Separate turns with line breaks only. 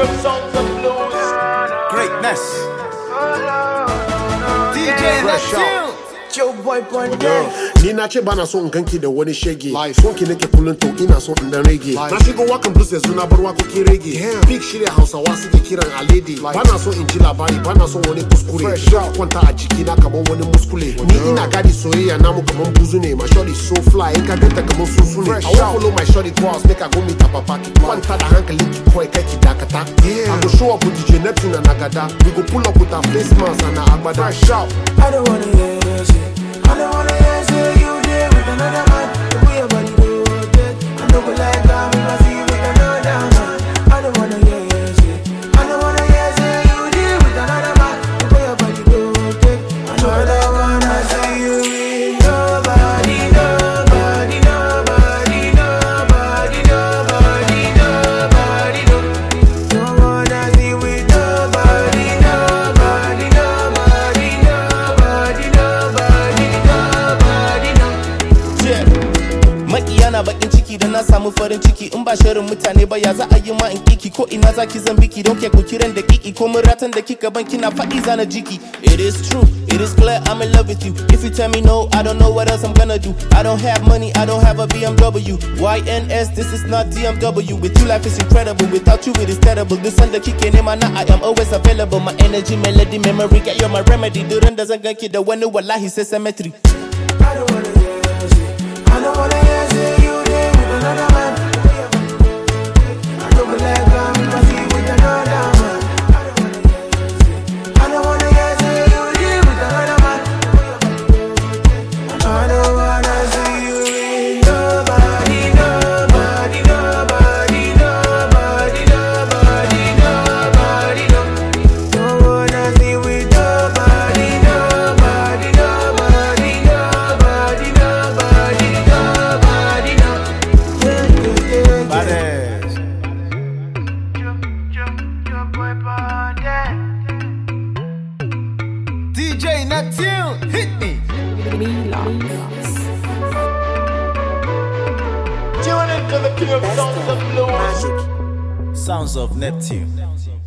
of songs of blues. Greatness. DJ that's you. Joe Boy Boy
ni na ce bana so ganki da wani shege son ki nake kullun to ina so in dan rage na shigo wakan blues yanzu na bar wakokin rage big shirya hausawa suke kiran alede bana so in ji labari bana so wani kuskure kwanta a jiki na kamar wani muskule ni ina gadi soyayya namu kamar buzu ne my shorty so fly ka ganta kamar susu ne i wan follow my shorty cross make i go meet her papa kwanta da hankali ki kawai kai ki dakata i go show up with DJ Neptune and Agada we go pull up with our face mask and our agbada I don't wanna hear your shit I don't wanna hear
baki da na samu farin ciki in ba shirin mutane ba ya za a yi ma in kiki ko ina zaki zan biki don ke ku kiran da kiki ko mun ratan da kika ban kina faɗi zana jiki it is true it is clear I'm in love with you if you tell me no I don't know what else I'm gonna do I don't have money I don't have a BMW YNS this is not DMW with you life is incredible without you it is terrible this da kike nema na I am always available my energy melody memory get you my remedy doesn't get duran da zan ganki da wani he sai symmetry
that tune. Hit me. Me lost. Tune into the pure sounds of
Lord. Sounds of Neptune.